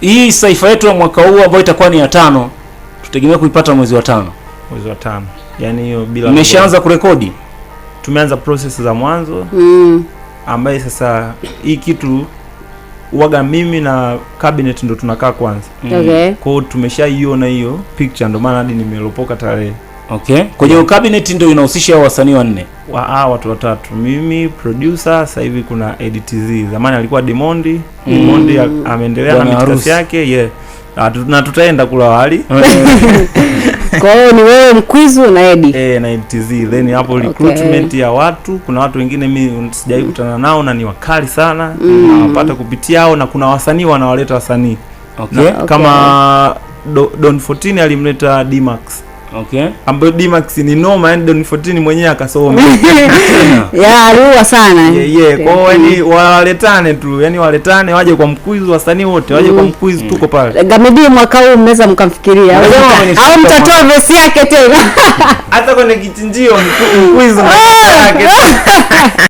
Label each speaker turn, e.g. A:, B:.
A: hii saifa yetu ya mwaka huu ambayo itakuwa ni ya tano, tutegemea kuipata mwezi wa tano.
B: Mwezi wa tano, yani hiyo
A: bila. Mmeshaanza kurekodi?
B: Tumeanza process za mwanzo mm, ambaye sasa hii kitu waga mimi na cabinet ndo tunakaa kwanza, mm. okay. Kwao tumeshaiona hiyo picture, ndo maana hadi nimelopoka tarehe
A: Okay, kwenye cabinet ndio inahusisha wasanii wanne
B: wa ah, watu watatu, mimi producer. Sasa hivi kuna ADTZ, zamani alikuwa Demondi. Demondi mm. ameendelea
A: na mitasi yake yeah,
B: na tutaenda kula wali.
A: Kwa hiyo ni wewe Mkwizu na Edi
B: eh, na ADTZ then hapo recruitment ya watu. Kuna watu wengine mimi sijai kutana nao na ni wakali sana mm, nawapata kupitia hao, na kuna wasanii wanawaleta wasanii okay, kama okay. Don 14 alimleta D-Max Okay. Ambayo Dmax ni noma yani Don 14 mwenyewe akasoma.
A: Ya alua sana.
B: Yeah, yeah. Kwa hiyo waletane tu. Yani waletane waje kwa mkuizi wasanii wote waje kwa mm. mkuizi mm. Tuko pale.
A: Gamidi mwaka huu mmeweza mkamfikiria. Au mtatoa vesi yake tena.
B: Hata kwenye kichinjio mkuizi ah! yake.